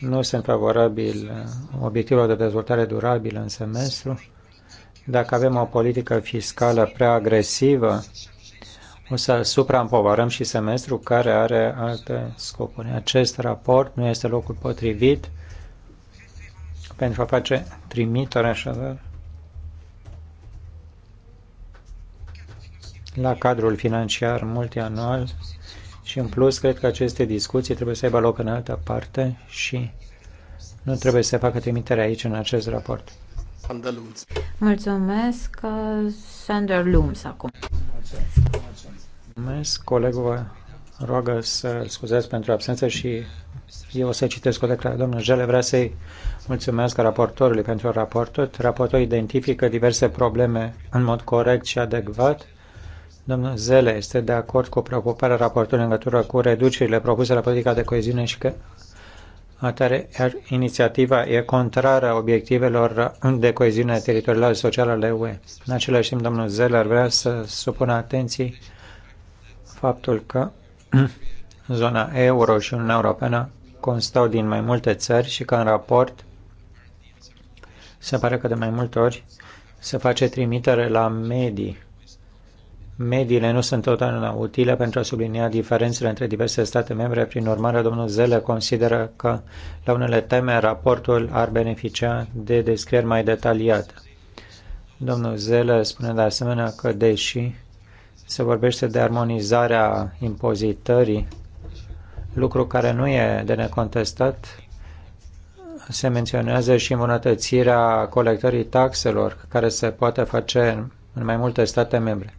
Nu sunt favorabil obiectivelor de dezvoltare durabilă în semestru. Dacă avem o politică fiscală prea agresivă, o să supraîmpovărăm și semestru care are alte scopuri. Acest raport nu este locul potrivit pentru a face trimitere așadar la cadrul financiar multianual și în plus cred că aceste discuții trebuie să aibă loc în altă parte și nu trebuie să facă trimitere aici în acest raport. Mulțumesc, Sander Looms acum. Mulțumesc, colegul vă roagă să scuzați pentru absență și eu o să citesc o declarație. Domnul Jele vrea să-i mulțumesc raportorului pentru raportul. Raportul identifică diverse probleme în mod corect și adecvat Domnul Zele este de acord cu preocuparea raportului în legătură cu reducerile propuse la politica de coeziune și că atare inițiativa e contrară obiectivelor de coeziune teritorială și socială ale UE. În același timp, domnul Zeller vrea să supună atenții faptul că [clears throat] zona euro și Uniunea Europeană constau din mai multe țări și că în raport se pare că de mai multe ori se face trimitere la medii Mediile nu sunt totdeauna utile pentru a sublinia diferențele între diverse state membre, prin urmare, domnul Zele consideră că la unele teme raportul ar beneficia de descrieri mai detaliate. Domnul Zele spune de asemenea că, deși se vorbește de armonizarea impozitării, lucru care nu e de necontestat, se menționează și îmbunătățirea colectării taxelor, care se poate face în mai multe state membre.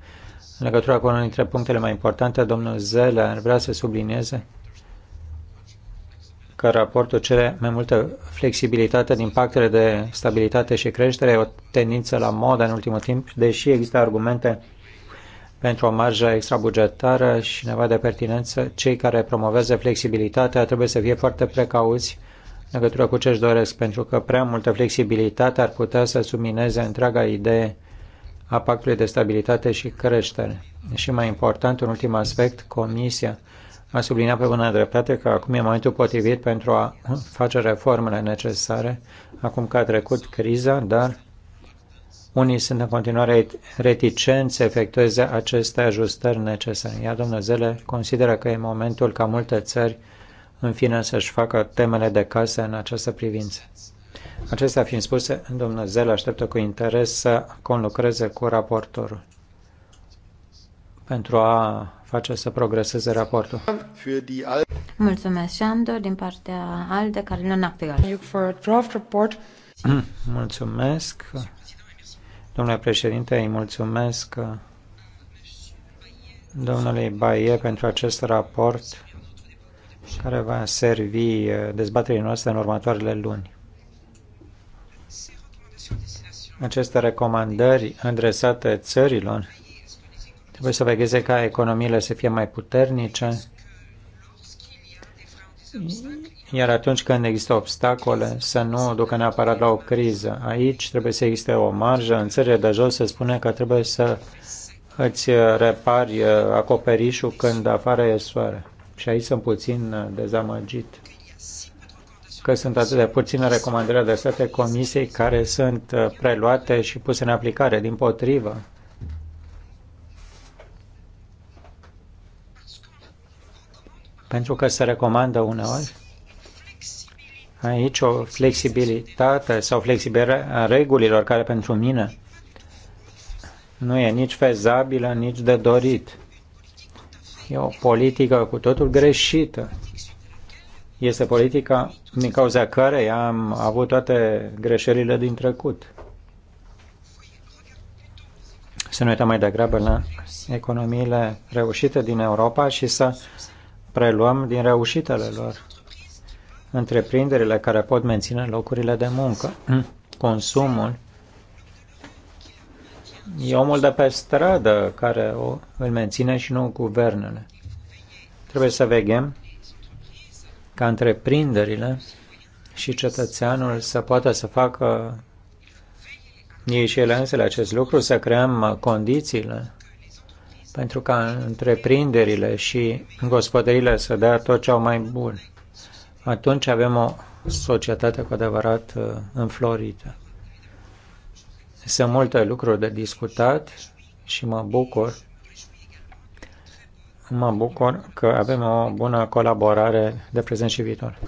În legătură cu unul dintre punctele mai importante, domnul Zeller vrea să sublinieze că raportul cere mai multă flexibilitate din pactele de stabilitate și creștere, o tendință la modă în ultimul timp, deși există argumente pentru o marjă extrabugetară și nevoie de pertinență, cei care promovează flexibilitatea trebuie să fie foarte precauți în legătură cu ce își doresc, pentru că prea multă flexibilitate ar putea să submineze întreaga idee a Pactului de Stabilitate și Creștere. Și mai important, un ultim aspect, Comisia a subliniat pe bună dreptate că acum e momentul potrivit pentru a face reformele necesare, acum că a trecut criza, dar unii sunt în continuare reticenți să efectueze aceste ajustări necesare. Iar domnul Zele consideră că e momentul ca multe țări în fine să-și facă temele de casă în această privință. Acestea fiind spuse, domnul Zel așteptă cu interes să conlucreze cu raportorul pentru a face să progreseze raportul. Mulțumesc, Șandor, din partea ALDE, Carolina report. [clears throat] Mulțumesc, domnule președinte, îi mulțumesc domnului Baie pentru acest raport care va servi dezbaterii noastre în următoarele luni aceste recomandări adresate țărilor, trebuie să vegheze ca economiile să fie mai puternice, iar atunci când există obstacole, să nu ducă neapărat la o criză. Aici trebuie să existe o marjă. În țările de jos se spune că trebuie să îți repari uh, acoperișul când afară e soare. Și aici sunt puțin uh, dezamăgit că sunt atât de puține recomandări adresate comisiei care sunt uh, preluate și puse în aplicare. Din potrivă, pentru că se recomandă uneori aici o flexibilitate sau flexibilitatea regulilor care pentru mine nu e nici fezabilă, nici de dorit. E o politică cu totul greșită este politica din cauza care am avut toate greșelile din trecut. Să nu uităm mai degrabă la economiile reușite din Europa și să preluăm din reușitele lor întreprinderile care pot menține locurile de muncă. [clears throat] Consumul e omul de pe stradă care o, îl menține și nu guvernele. Trebuie să vegem ca întreprinderile și cetățeanul să poată să facă ei și ele însele acest lucru, să creăm condițiile pentru ca întreprinderile și gospodările să dea tot ce au mai bun. Atunci avem o societate cu adevărat uh, înflorită. Sunt multe lucruri de discutat și mă bucur Mă bucur că avem o bună colaborare de prezent și viitor.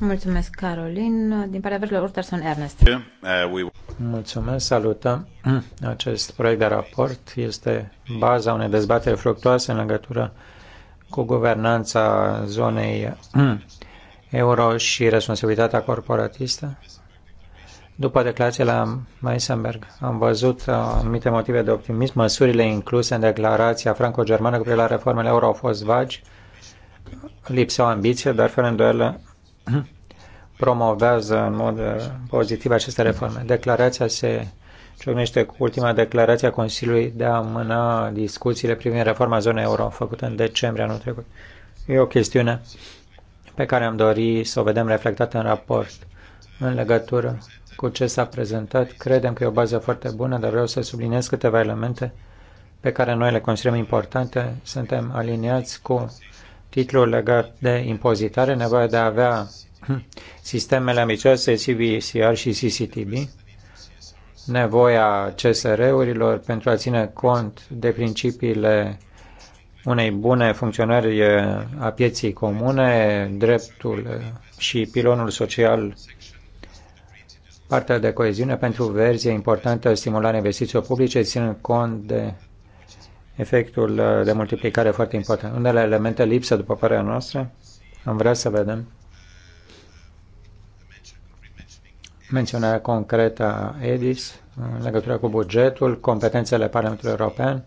Mulțumesc, Carolin. Din partea verilor, Urtarson Ernest. Uh, Mulțumesc, salutăm. [clears throat] Acest proiect de raport este baza unei dezbateri fructoase în legătură cu guvernanța zonei [clears throat] euro și responsabilitatea corporatistă după declarația la Meissenberg, am văzut uh, anumite motive de optimism. Măsurile incluse în declarația franco-germană cu privire la reformele euro au fost vagi, lipseau ambiție, dar fără îndoială [clears throat] promovează în mod uh, pozitiv aceste reforme. Declarația se ciocnește cu ultima declarație a Consiliului de a amâna discuțiile privind reforma zonei euro, făcută în decembrie anul trecut. E o chestiune pe care am dori să o vedem reflectată în raport în legătură cu ce s-a prezentat. Credem că e o bază foarte bună, dar vreau să subliniez câteva elemente pe care noi le considerăm importante. Suntem aliniați cu titlul legat de impozitare, nevoia de a avea [clears throat] sistemele amicioase CBCR și CCTB, nevoia CSR-urilor pentru a ține cont de principiile unei bune funcționări a pieții comune, dreptul și pilonul social Partea de coeziune pentru verzi e importantă stimularea investițiilor publice, ținând cont de efectul uh, de multiplicare foarte important. Unele elemente lipsă, după părerea noastră, am vrea să vedem menționarea concretă a EDIS în legătură cu bugetul, competențele Parlamentului European,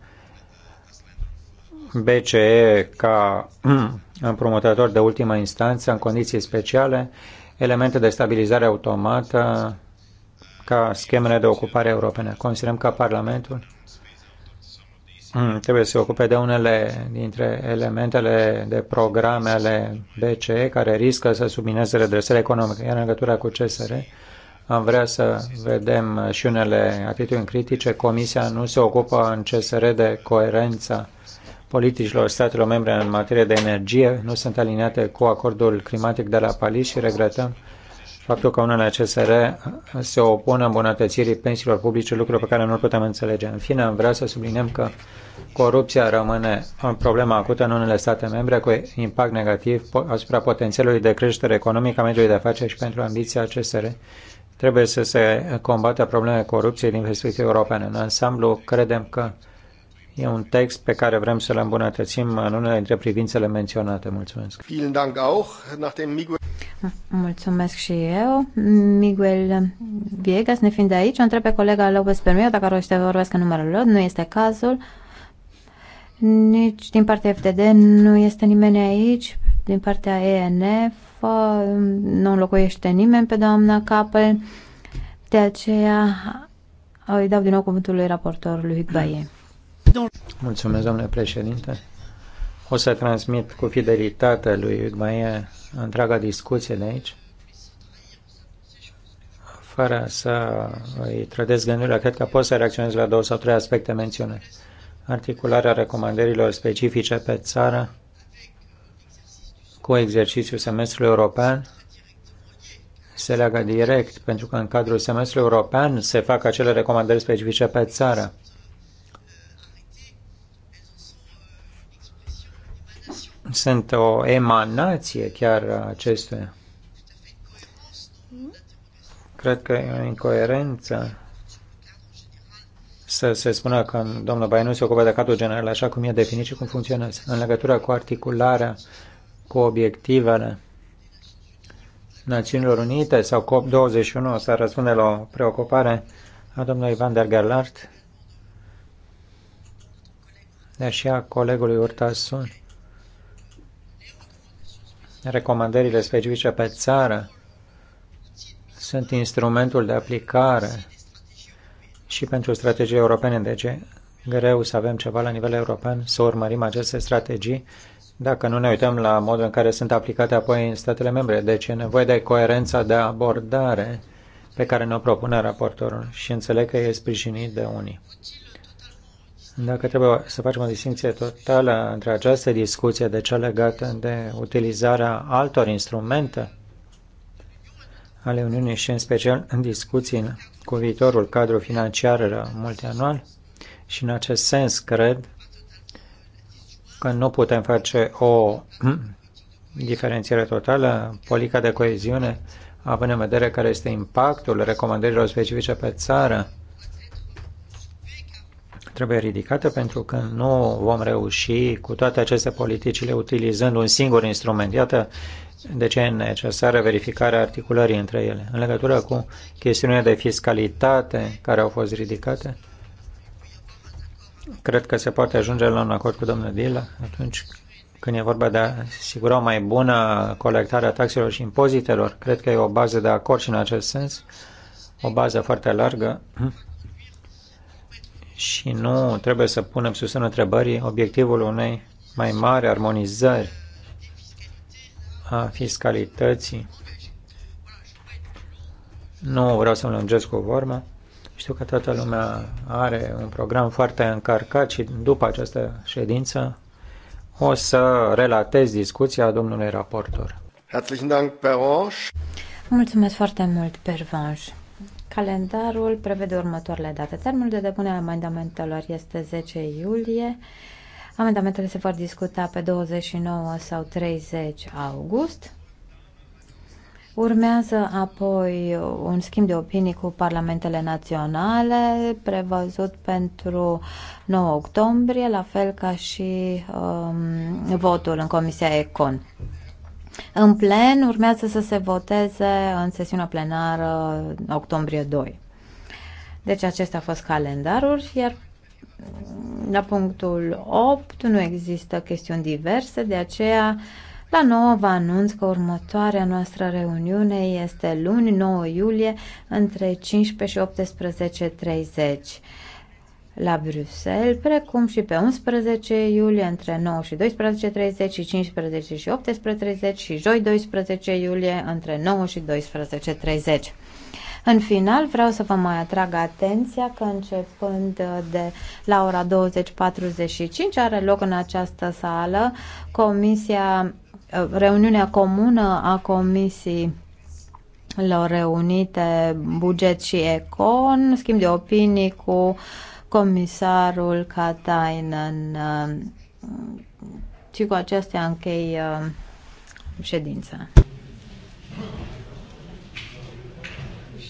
BCE ca uh, împrumutător de ultimă instanță în condiții speciale, elemente de stabilizare automată, ca schemele de ocupare europene. Considerăm că Parlamentul mm, trebuie să se ocupe de unele dintre elementele de programe ale BCE care riscă să submineze redresarea economică. Iar în legătură cu CSR, am vrea să vedem și unele atitudini critice. Comisia nu se ocupă în CSR de coerența politicilor statelor membre în materie de energie, nu sunt aliniate cu acordul climatic de la Paris și regretăm faptul că unele CSR se opun îmbunătățirii pensiilor publice, lucruri pe care nu-l putem înțelege. În fine, vreau să subliniem că corupția rămâne o problemă acută în unele state membre cu impact negativ asupra potențialului de creștere economică a mediului de afaceri și pentru ambiția CSR. Trebuie să se combată probleme corupției din perspectivă europeană. În ansamblu, credem că E un text pe care vrem să-l îmbunătățim în unele dintre privințele menționate. Mulțumesc. Mulțumesc și eu. Miguel Viegas, ne fiind de aici, o întreb pe colega Lopez Permio dacă roște vorbesc în numărul lor. Nu este cazul. Nici din partea FTD nu este nimeni aici. Din partea ENF nu înlocuiește nimeni pe doamna Capel. De aceea îi dau din nou cuvântul lui raportorului Baie. Mulțumesc, domnule președinte. O să transmit cu fidelitate lui Udmaie întreaga discuție de aici, fără să îi trădesc gândurile. Cred că pot să reacționez la două sau trei aspecte menționate. Articularea recomandărilor specifice pe țară cu exercițiul semestrului european se leagă direct, pentru că în cadrul semestrului european se fac acele recomandări specifice pe țară sunt o emanație chiar a acestuia. Cred că e o incoerență să se spună că domnul nu se ocupă de cadrul general așa cum e definit și cum funcționează. În legătură cu articularea, cu obiectivele Națiunilor Unite sau COP21 să răspunde la o preocupare a domnului Van der Gerlart, dar și a colegului Urtasun recomandările specifice pe țară sunt instrumentul de aplicare și pentru strategii europene, deci greu să avem ceva la nivel european, să urmărim aceste strategii dacă nu ne uităm la modul în care sunt aplicate apoi în statele membre. Deci e nevoie de coerența de abordare pe care ne-o propune raportorul și înțeleg că e sprijinit de unii. Dacă trebuie să facem o distinție totală între această discuție de cea legată de utilizarea altor instrumente ale Uniunii și în special în discuții cu viitorul cadru financiar multianual și în acest sens cred că nu putem face o [clears throat] diferențiere totală, politica de coeziune, având în vedere care este impactul recomandărilor specifice pe țară trebuie ridicată pentru că nu vom reuși cu toate aceste politicile utilizând un singur instrument. Iată de ce e necesară verificarea articulării între ele. În legătură cu chestiunile de fiscalitate care au fost ridicate, cred că se poate ajunge la un acord cu domnul Dila atunci când e vorba de a asigura o mai bună colectare a taxelor și impozitelor. Cred că e o bază de acord și în acest sens, o bază foarte largă și nu trebuie să punem sus în întrebării obiectivul unei mai mari armonizări a fiscalității. Nu vreau să-mi lungesc cu vorba. Știu că toată lumea are un program foarte încărcat și după această ședință o să relatez discuția domnului raportor. Mulțumesc foarte mult, Pervanș. Calendarul prevede următoarele date. Termenul de depunere a amendamentelor este 10 iulie. Amendamentele se vor discuta pe 29 sau 30 august. Urmează apoi un schimb de opinii cu parlamentele naționale, prevăzut pentru 9 octombrie, la fel ca și um, votul în Comisia Econ în plen urmează să se voteze în sesiunea plenară octombrie 2. Deci acesta a fost calendarul, iar la punctul 8 nu există chestiuni diverse, de aceea la 9 vă anunț că următoarea noastră reuniune este luni 9 iulie între 15 și 18.30 la Bruxelles, precum și pe 11 iulie între 9 și 12.30 și 15 și 18.30 și joi 12 iulie între 9 și 12.30. În final, vreau să vă mai atrag atenția că începând de la ora 20.45 are loc în această sală comisia, reuniunea comună a comisii lor reunite buget și econ, schimb de opinii cu uh, comisarul Katainen uh, și cu acestea închei uh, ședința.